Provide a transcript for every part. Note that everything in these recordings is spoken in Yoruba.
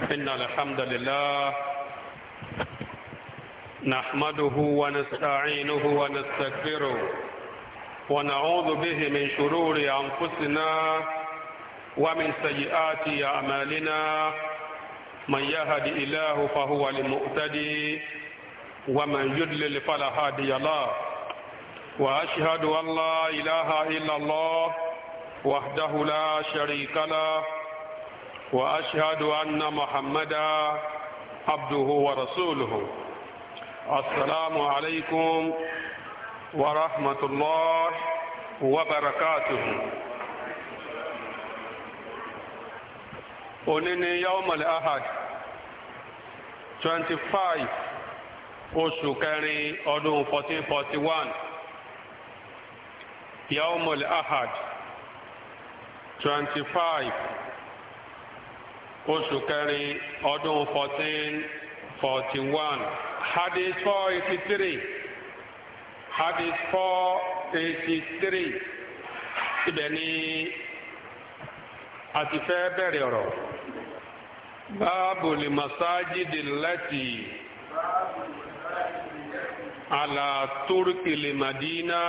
إن الحمد لله نحمده ونستعينه ونستكبره ونعوذ به من شرور أنفسنا ومن سيئات أعمالنا من يهد إله فهو المؤتدي ومن يدلل فلا هادي له وأشهد أن لا إله إلا الله وحده لا شريك له وأشهد أن محمدا عبده ورسوله السلام عليكم ورحمة الله وبركاته onini yawmal ahad 25 oṣù kẹrin ọdún 1441 yawmal ahad 25 oṣù kẹrin ọdún fourteen forty one hadith four eighty three hadith four eighty three ibẹ̀ ni a ti fẹ́ bẹ̀rẹ̀ ọ̀rọ̀ báàbò lè masajidi lẹ́tì àlà lè madina.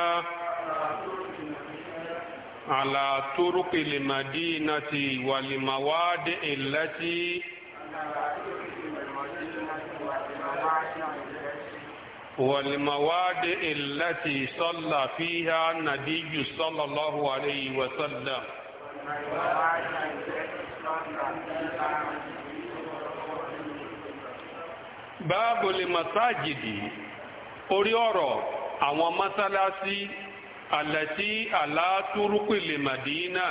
على طرق المدينة والمواد التي والمواد التي صلى فيها النبي صلى الله عليه وسلم باب المساجد orí أو àwọn àlẹ́tí àlátúrúpìlè Madina,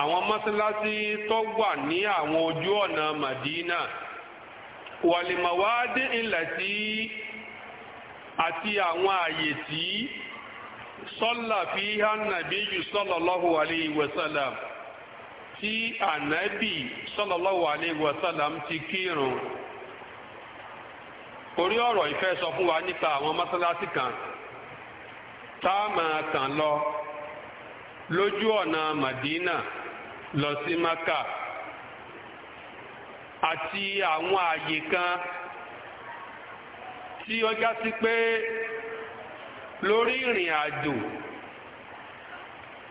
àwọn mọ́sálásí tó wà ní àwọn ojú ọ̀nà Madina, wàlìmọ̀wádé ìlẹ̀tí àti àwọn àyè tí sọ́là fi hàn nàbí yù sallallahu alayhi wa sallam tí ànábì sallallahu alayhi wa ti kírun orí ọ̀rọ̀ ìfẹ́ sọ fún wa nípa àwọn mọ́sálásí kan. ta a máa lọ lójú ọ̀nà Madina lọ sí Maka àti àwọn ààyè kan tí ó já sí pé lórí ìrìn àjò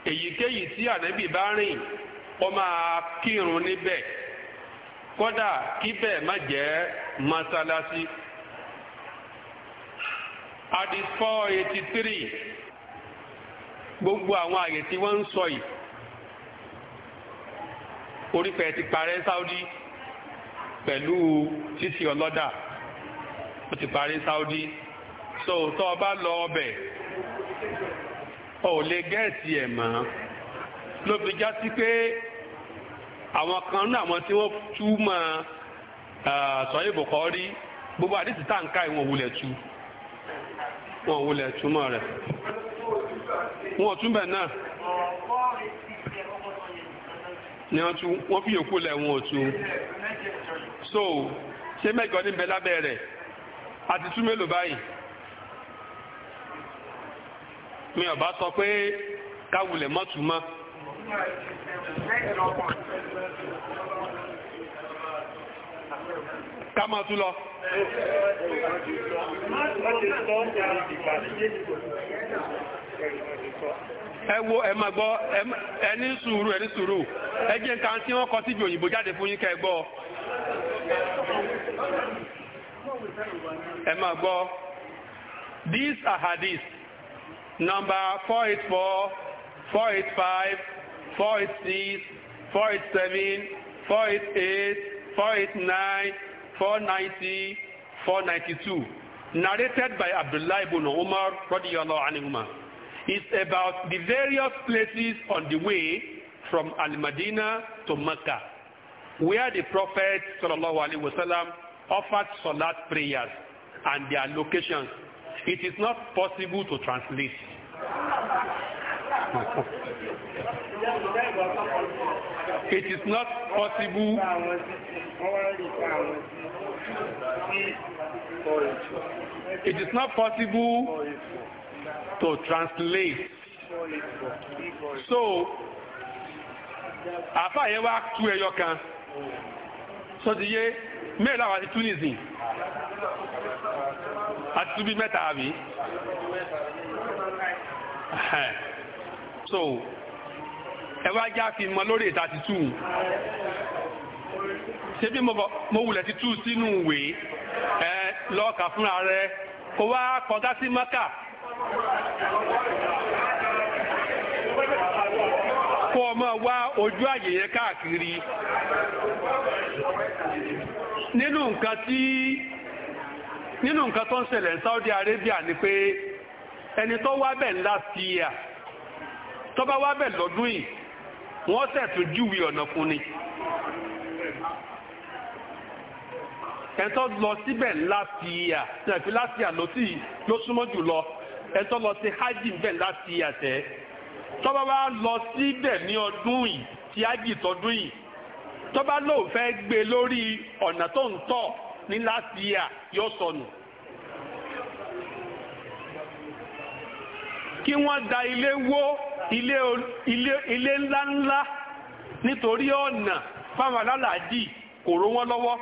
èyíkéyìí tí ànábì bá rìn ó máa kírun níbẹ̀ kódà kíbẹ̀ má jẹ́ hadith four eighty three gbogbo àwọn àyè tí wọ́n ń sọ yìí orífẹ́ ti parẹ́ Saudi pẹ̀lú títí ọlọ́dà ó ti parí Saudi so tó o bá lọ ọbẹ̀ o ò lè gẹ́ẹ̀tì ẹ̀ mọ́ ló fi já sí pé àwọn kan náà àwọn tí wọ́n túmọ̀ sọ́yìn bùkọ́ rí gbogbo àdìsí tá à ń ká ìwọ̀n òwúlẹ̀ tu wọn wulẹ̀ túmọ̀ rẹ̀ wọn ò túnbẹ̀ náà ni wọn tún wọn fi yòókù lẹ̀ wọn tún so ṣé mẹ́jọ ní bẹ lábẹ́ rẹ̀ àti tún mélòó báyìí mi ò sọ pé káwulẹ̀ mọ́tún mọ́ ká máa tún lọ. ẹ wo ẹ máa gbọ́ ẹ ní sùúrù ẹ ní sùúrù ẹ jẹ́ nǹkan tí wọ́n kọ síbi òyìnbó jáde fún yín kẹ́ gbọ́. ẹ máa gbọ́ these are hadith number four eight four four eight five four eight six four eight seven four eight eight four eight nine. 490, 492, narrated by Abdullah ibn Umar radiyallahu anhuma, is about the various places on the way from al Madina to Makkah, where the Prophet sallallahu alaihi wasallam offered salat prayers and their locations. It is not possible to translate. it is not possible. It is not possible to translate. So, àfa yẹn wá tú ẹyọ kan. Sọ́dìyẹ mẹ́rin làwọn àti Tunisian àti túbí mẹ́ta àbí. So ẹwà já fi mọ lórí ìta ti tú ṣe bí mo wulẹ̀ ti tú sínú ìwé ẹ lọ́ọ̀kà fúnra rẹ kó wá kọjá sí mọ́kà kó o máa wá ojú àyè yẹn káàkiri nínú nǹkan tí nínú nǹkan tó ń ṣẹlẹ̀ ní Saudi Arabia ni pé ẹni tó wá bẹ̀ last year tó bá wá bẹ̀ lọ́dún yìí wọ́n sẹ̀tún júwe ọ̀nà fún ni. ẹ̀ńtọ́ lọ síbẹ̀ láti ìyà tẹ̀fí láti ìyà ló sí ló súnmọ́ jù lọ ẹ̀ńtọ́ lọ sí hajj bẹ̀ láti ìyà tẹ́ tọ́ba wa lọ síbẹ̀ ní ọdún yìí ti hajj tọdún yìí tọ́ba lóun fẹ́ gbé lórí ọ̀nà tó ń tọ̀ ní láti ìyà yóò sọnù. kí wọ́n da ilé wó ilé ńláńlá nítorí ọ̀nà fáwọn alálàájì kòrò wọn lọ́wọ́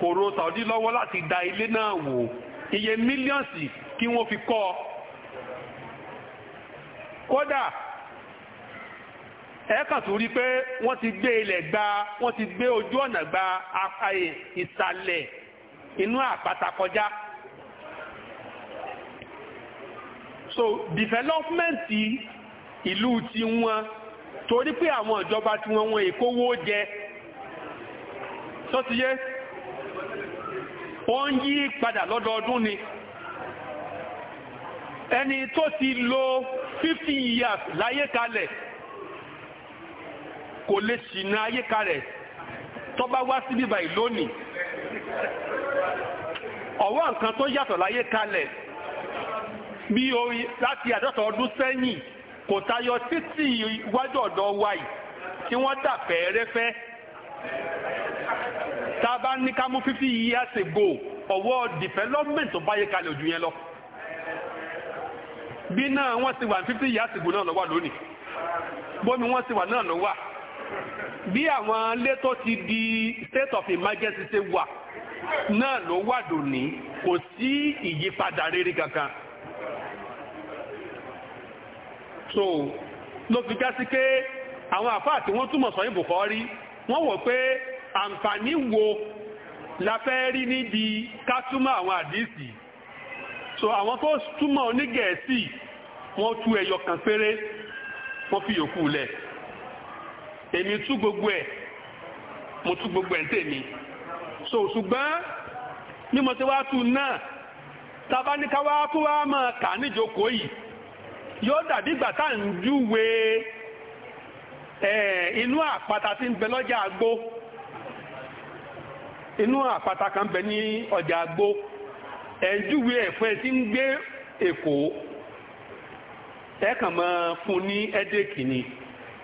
kòrò tàbí lọ́wọ́ láti da ilé náà wò iye mílíọ̀nsì kí wọ́n fi kọ́ kódà ẹ̀ẹ́kàn rí pé wọ́n ti gbé ilẹ̀ gba wọ́n ti gbé ojú ọ̀nà gba ìsàlẹ̀ inú àpáta kọjá. so development ìlú ti wọn torí pé àwọn ìjọba tí wọ́n wọn ìkówó jẹ sọ́tíyé ó ń yí padà lọ́dọọdún ni ẹni tó ti lò 50 years láyé kalẹ̀ kò lè ṣìnà ayé kalẹ̀ tó bá wá sí bíbà ìlónìí ọ̀wọ́ nǹkan tó yàtọ̀ láyé kalẹ̀ bí orí láti àdọ́ta ọdún sẹ́yìn kò tayọ títì iwájú ọ̀dọ̀ wa yìí tí wọ́n dà fẹ́ẹ́rẹ́fẹ́ tá a bá ní ká mú fifty years ago ọwọ́ development tó báyé kalẹ̀ ojú yẹn lọ bí náà wọ́n ti wà ní fifty years ago náà lọ́wọ́ lónìí bómi wọ́n ti wà náà lọ́wọ́ bí àwọn ilé tó ti di state of emergency ṣe wà náà ló wà kò sí ìyípadà rere kankan so ló fi já sí pé àwọn àfáà tí wọ́n túmọ̀ sọ ìbùkọ́ rí wọ́n wò pé àǹfààní wo la fẹ́ rí níbi ká túmọ̀ àwọn àdìsí so àwọn tó túmọ̀ onígẹ̀ẹ́sì wọ́n tú ẹyọ kan péré wọ́n fi yòókù lẹ̀ èmi tú gbogbo ẹ̀ mo tú gbogbo ẹ̀ ń tèmi so ṣùgbọ́n bí mo ti wá tú náà tá a tó wá máa kà níjókòó yìí yóò dàbí ìgbà tá à ń júwe inú àpáta tí ń bẹ lọ́jà àgbó inú àpáta kan bẹ ní ọjà àgbó ẹ̀ ẹ̀fọ́ ẹ ti ń gbé èkó ẹ kàn máa fún ní ẹ́dẹ́kì ni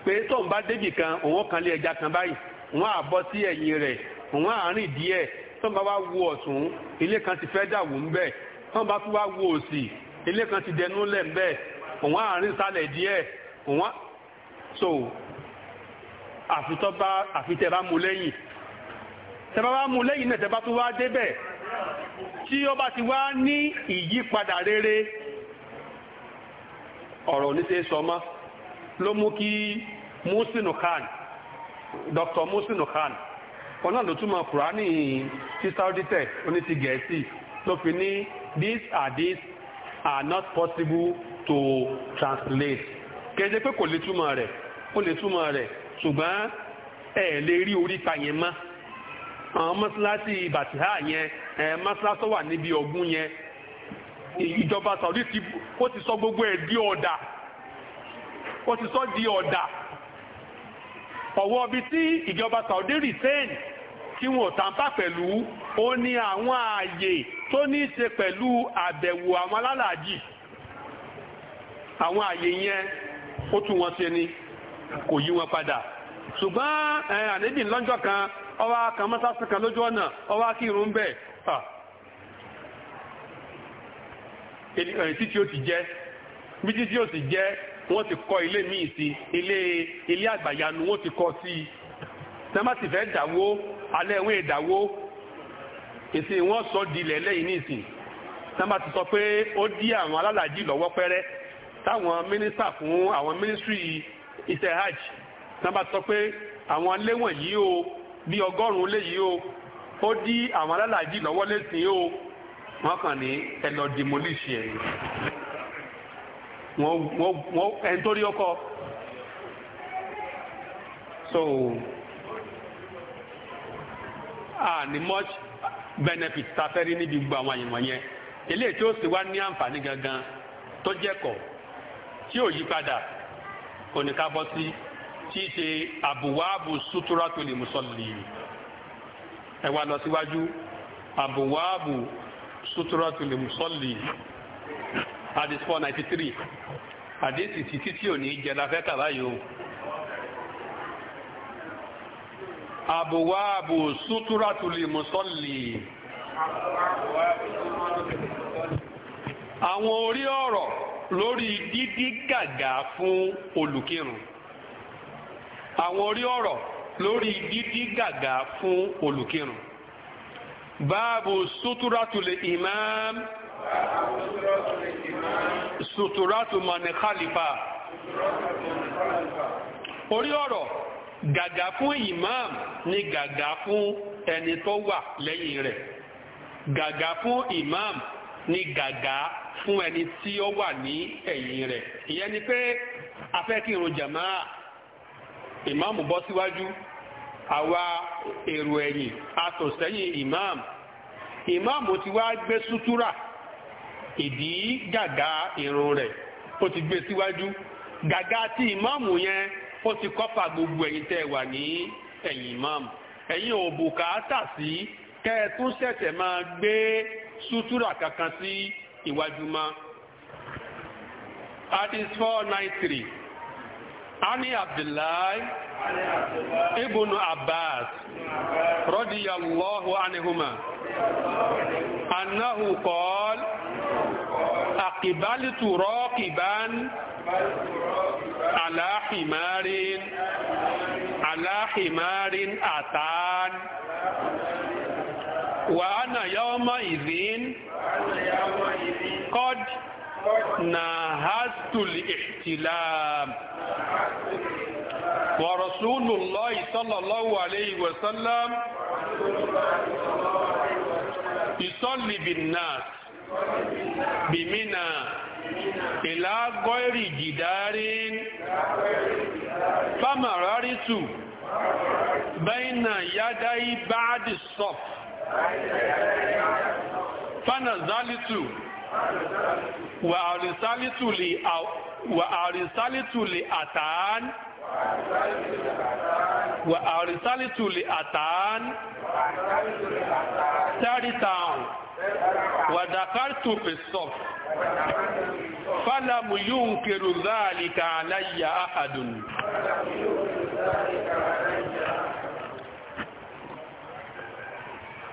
pé tóun bá débì kan òun kan lé ẹja kan báyìí òun á bọ́ sí ẹ̀yìn rẹ̀ òun á rìn díẹ̀ tó bá wá wo ọ̀tún ilé kan ti fẹ́ dàwó ńbẹ̀ tó bá tún wá wo òsì ilé kan ti dẹnu lẹ̀ ńbẹ̀ òun àárín sálẹ̀ díẹ̀ òun so àfitọ́ bá àfitẹ́ bá mú lẹ́yìn tẹ́bá bá mú lẹ́yìn náà tẹ́bá tó wá débẹ̀ tí ó bá ti wá ní ìyípadà rere ọ̀rọ̀ ní ṣe sọ mọ́ ló mú kí musinu khan dr musinu khan ọ̀nà ló túmọ̀ kùránì tí saudi tech oní ti gẹ̀ẹ́sì ló fi ní these are these are not possible to translate kẹ́sẹ́ pé kò lè túmọ̀ rẹ̀ ó lè túmọ̀ rẹ̀ ṣùgbọ́n ẹ̀ lè rí oríta yẹn mọ́ àwọn mọ́sálásí bàtíhà yẹn ẹ̀ mọ́sálásí wà níbi ọ̀gún yẹn ìjọba Saudi ti ó ti sọ gbogbo ẹ̀ di ọ̀dà ó ti sọ di ọ̀dà ọ̀wọ́ bíi tí ìjọba Saudi retain tí wọn ò tàǹpà pẹ̀lú ó ní àwọn ààyè tó ní í ṣe pẹ̀lú àbẹ̀wò àwọn alálàájì àwọn àyè yẹn ó tún wọn ṣe ni kò yí wọn padà ṣùgbọ́n ànẹ́bì lọ́jọ́ kan ọwá kan mọ́sáàsì kan lójú ọ̀nà ọwá kírun ń bẹ̀ títí ó ti jẹ́ bí títí ó ti jẹ́ wọ́n ti kọ́ ilé míì sí ilé ilé àgbàyanu wọ́n ti kọ́ sí tẹ́mátì fẹ́ dàwó alẹ́ ẹ̀wọ̀n ìdàwó èsì wọ́n sọ di lẹ́lẹ́yìn nísìn tẹ́mátì sọ pé ó dí àwọn alálàájì lọ́wọ́ pẹ́rẹ́ táwọn mínísítà fún àwọn mínísítírì iṣẹ́ hajj náà sọ pé àwọn léwọ̀n yìí o bíi ọgọ́rùn-ún lé yìí o ó dí àwọn alálàájì lọ́wọ́ lẹ́sìn o wọ́n kàn ní ẹ lọ demolish ẹ̀ wọ́n ẹni tó rí ọkọ. so a ní much benefit ta fẹ́ rí níbi gbogbo àwọn àyẹ̀wò yẹn eléyìí tí ó sì wá ní àǹfààní gangan tó jẹ́ tí ò yí padà kò ní ká bọ́ sí tí í ṣe àbùwáàbù sútúrátù lè mùsọ̀lì ẹ wá lọ síwájú àbùwáàbù sútúrátù lè mùsọ̀lì hadith four ninety three hadith títí tí ò ní jẹlá fẹ́ kàlá yìí o. àbùwáàbù sútúrátù lè lè mùsọ̀lì àwọn orí ọ̀rọ̀ lórí dídí gàgà fún olùkírun àwọn orí ọ̀rọ̀ lórí dídí gàgà fún olùkírun báàbù sútúrátulẹ̀ imam sùtúrátù mọ̀nì khalifa orí ọ̀rọ̀ gàgà fún imam ni gàgà fún ẹni tó wà lẹ́yìn rẹ̀ gàgà fún imam ní gàgà fún ẹni tí ó wà ní ẹ̀yìn rẹ̀ ìyẹn ni pé afẹ́ kí irun jàmáà ìmáàmù bọ́ síwájú àwa èrò ẹ̀yìn atòsẹ́yìn ìmáàmù ìmáàmù ti wá gbé sútúrà ìdí gàgà ìrùn rẹ̀ ó ti gbé síwájú gàgà tí ìmáàmù yẹn ó ti kọ́fà gbogbo ẹ̀yin tẹ́ wà ní ẹ̀yìn ìmáàmù ẹ̀yin ò bùkátà sí kẹ́ ẹ tún ṣẹ̀ṣẹ̀ máa gbé sútúrà kankan sí ìwájú mọ́. Hadith four nine three. Ani Abdullahi Ibn Abbas radiyallahu anihuma annahu qala aqbaltu raqiban ala himarin ala himarin atan وأنا يومئذ قد نهزت الاحتلام ورسول الله صلى الله عليه وسلم يصلي بالناس بمنى إلى غير جدار فمررت بين يدي بعد الصف fanazalitu wa arisalitu li wa arisalitu li atan wa arisalitu li atan third town wa dakartu fi sof falam yunkiru dhalika alayya ahadun.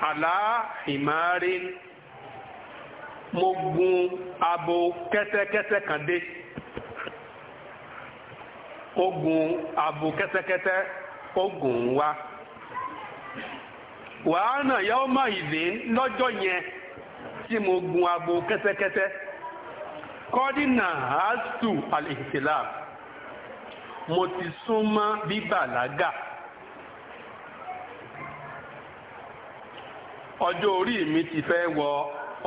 àlá ìmáàrí mo gun abo kẹ́tẹ́kẹ́tẹ́ kan dé ó gun abo kẹ́tẹ́kẹ́tẹ́ ó gùn wá wàhánà yóò má ìdè lọ́jọ́ yẹn tí mo gun abo kẹ́tẹ́kẹ́tẹ́ kọ́dínà hásù àlèhìsìlá mo ti súnmọ́ bíbàlágà. ọjọ́ orí mi ti fẹ́ wọ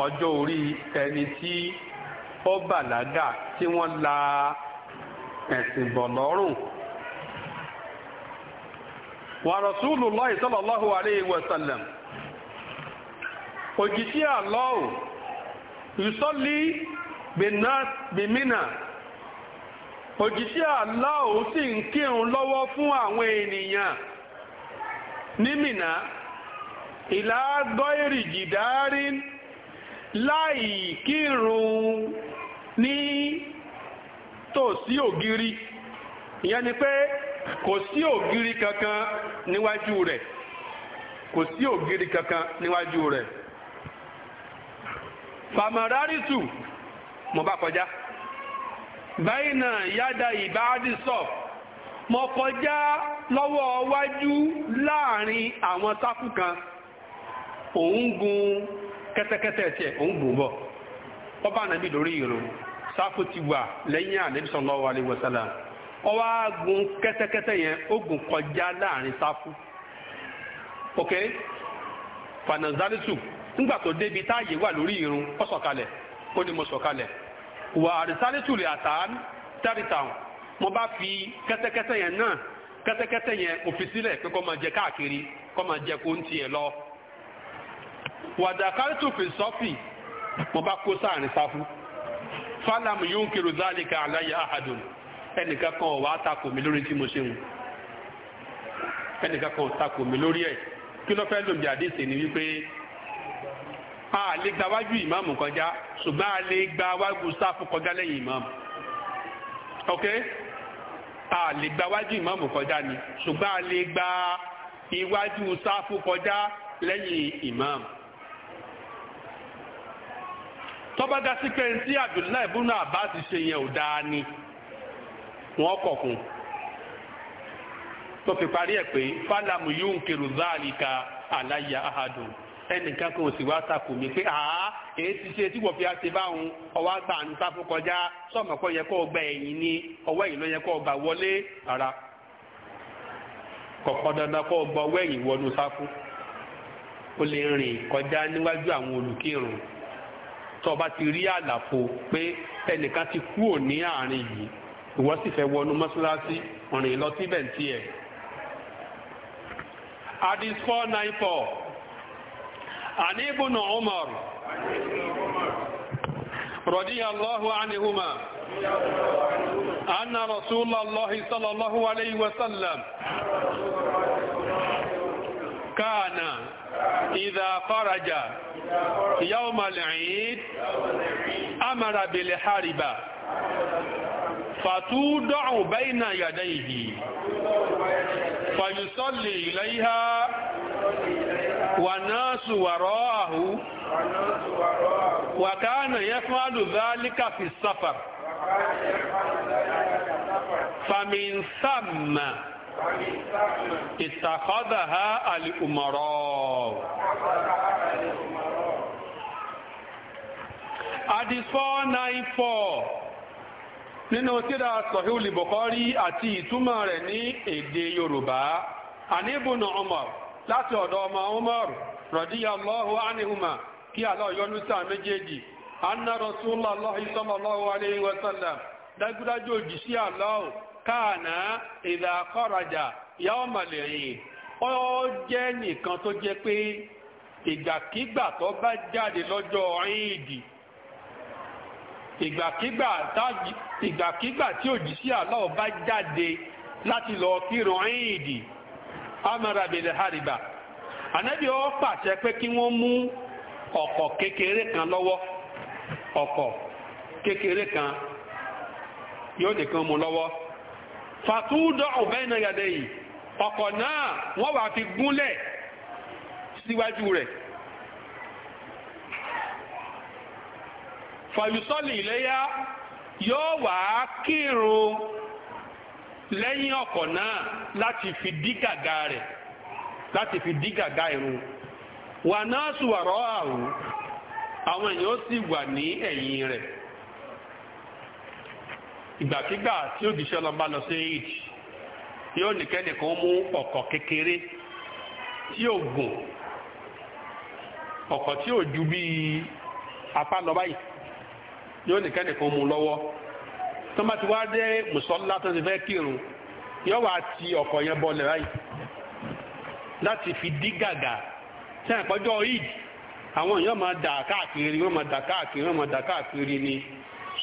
ọjọ́ orí ẹni tí ó bàlágà tí wọ́n la ẹ̀sìn bọ̀ lọ́rùn. wa Rasulullahi sallallahu alayhi wa sallam òjìṣẹ́ àlọ́ọ̀ ìsọ́lí bìmínà òjìṣẹ́ àlọ́ọ̀ sì ń fún àwọn ènìyàn ní ìlàgọ́ ìrìjìdárí láì kírun ní tòsí ògiri ìyẹn ni pé kò sí ògiri kankan níwájú rẹ̀ kò sí ògiri kankan níwájú rẹ̀ fàmàràrìtù mo bá kọjá báyìí náà yáda ìbáàdì sọ mo kọjá lọ́wọ́ wájú láàrin àwọn sáfù kan òun gun kẹ́tẹ́kẹ́tẹ́ tiẹ̀ òun gùn bọ̀ wọ́n bá nàbí lórí ìrun sáfù ti wà lẹ́yìn ànábì sallallahu alaihi wọ́n wá gun kẹ́tẹ́kẹ́tẹ́ yẹn ó gùn ok fanazalisu tó débi táàyè wà lórí ìrun ó sọ̀kalẹ̀ ó ní mo sọ̀kalẹ̀ wà àrísálẹ́sù rẹ̀ àtàn tẹ́rìtàn mo fi kẹ́tẹ́kẹ́tẹ́ yẹn náà kẹ́tẹ́kẹ́tẹ́ yẹn òfin sílẹ̀ pé máa jẹ káàkiri máa jẹ kó wàdàkàtù fi sọ́fì mo bá kó sáàrin sáfú fálàmù yóò ń kiri zálìkà aláyà àhàdùn ẹnìkan kan ọ̀wá takò mí lórí tí mo ṣe wọn ẹnìkan kan takò lórí ẹ̀ kí ló fẹ́ lòmì ni wípé a lè gba wájú ìmáàmù kọjá ṣùgbọ́n a lè gba wájú sáfù kọjá lẹ́yìn ìmáàmù ok a lè gba wájú ìmáàmù kọjá ni ṣùgbọ́n a lè gba iwájú sáfù kọjá lẹ́yìn ìmáàmù. tọba ga sí pé tí Abdullahi ibùnú Abbas ṣe yẹn ò dáa ni wọ́n kọ̀ fún tó fi parí ẹ̀ pé fálàmù yóò ń kèrò záàlì ka aláya ahadu ẹnìkan kan sì wá pé àá èyí ti ṣe tí wọ́n fi ṣe báwọn ọwọ́ àgbà ń sáfún kọjá sọ́ọ̀mù kọ́ yẹ kó gba ẹ̀yìn ọwọ́ yẹ kó wọlé ara kọ̀kọ́ kọjá níwájú tó o bá ti rí àlàfo pé ẹnìkan ti kúrò ní àárín yìí ìwọ sì fẹ́ wọnú mọ́ṣáláṣí rìn lọ síbẹ̀ tiẹ̀. Hadis four nine four Ani Ibn Umar radiyallahu anihuma anna Rasulullahi sallallahu alayhi wa sallam kana. إذا خرج يوم العيد أمر بالحرب فتوضع بين يديه فيصلي إليها والناس وراءه وكان يفعل ذلك في السفر فمن ثم ìtàkọ́dàá àlùmọ̀rọ̀. Hadis four nine four nínú tírà Sahihul Bukhari àti ìtumọ̀ rẹ̀ ní èdè Yorùbá. Àníbùnà Umar láti ọ̀dọ̀ ọmọ Umar radiyallahu anhuma kí Allah yọ́nú sí àwọn méjèèjì. Anna Rasulullah sallallahu alayhi wa sallam dájúdájú òjì sí Allah káànà ìlà kọ́rajà yàwó màlẹ́yìn ó jẹ́ nìkan tó jẹ́ pé ìgbàkígbà tó bá jáde lọ́jọ́ ìdì ìgbàkígbà tí òjíṣẹ́ bá jáde láti lọ kírun ìdì amara bèlè hariba ànábì ó pàṣẹ pé kí wọ́n mú ọ̀kọ̀ kékeré kan lọ́wọ́ ọ̀kọ̀ kékeré kan yóò nìkan mú lọ́wọ́. fàtúndọ̀ ọ̀bẹ́nà yàdẹ̀ yìí ọ̀kọ̀ náà wọ́n wà fi gúnlẹ̀ síwájú rẹ̀ fàyùsọ́lì ìlẹ́yà yóò wà á kírun lẹ́yìn ọkọ̀ náà láti fi dí gàgà rẹ̀ láti fi dí gàgà irun wà náà sùwàrọ̀ àrùn àwọn èèyàn sì wà ní ẹ̀yìn rẹ̀. ìgbàkígbà tí òjíṣẹ́ ọlọ́mọba lọ sí eid yóò nìkẹ́nìkan mú ọ̀kọ̀ kékeré tí ò gùn ọ̀kọ̀ tí ò ju bíi apá lọ báyìí yóò nìkẹ́nìkan mú lọ́wọ́ tó má ti wá dé mùsọ́lá tó ti fẹ́ kírun yóò wá ti ọ̀kọ̀ yẹn bọlẹ̀ báyìí láti fi dí gàgà tí àpọ́jọ́ eid àwọn èèyàn máa dà káàkiri wọ́n máa dà káàkiri wọ́n máa dà káàkiri ni.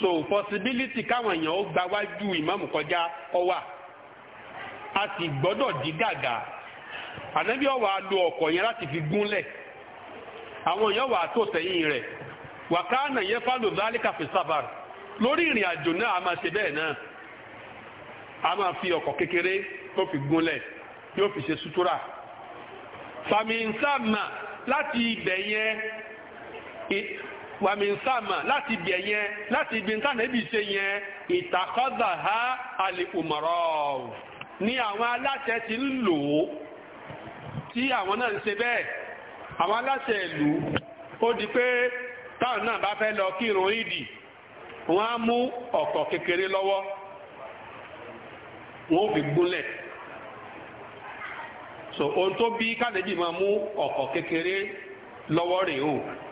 so possibility káwọn èèyàn ó gba wájú ìmáàmù kọjá ọwà a sì gbọ́dọ̀ dí gàgà ànábì ọwà lo ọkọ̀ yẹn láti fi gúnlẹ̀ àwọn èèyàn wà tó sẹ́yìn rẹ̀ wàkánà yẹn fálò zálíkà fi sábà lórí ìrìn àjò náà a máa ṣe bẹ́ẹ̀ náà a máa fi ọkọ̀ kékeré tó fi gúnlẹ̀ yóò fi ṣe sutura fàmì nsàmà láti ibẹ̀ yẹn wàmí sáàmà láti ibi ẹ̀yẹn láti ibi ntànẹ́bì ṣe yẹn ìtàkọ́dà ha àlè òmọ̀rọ̀ ni àwọn aláṣẹ ti ń lò ó tí àwọn náà ń ṣe bẹ́ẹ̀ àwọn aláṣẹ ìlú ó di pé táwọn náà bá fẹ́ lọ kírun ìdì wọ́n á mú ọ̀kọ̀ kékeré lọ́wọ́ wọ́n ó fi gúnlẹ̀ so ohun tó bí kálẹ́jì máa mú ọ̀kọ̀ kékeré lọ́wọ́ rèé o.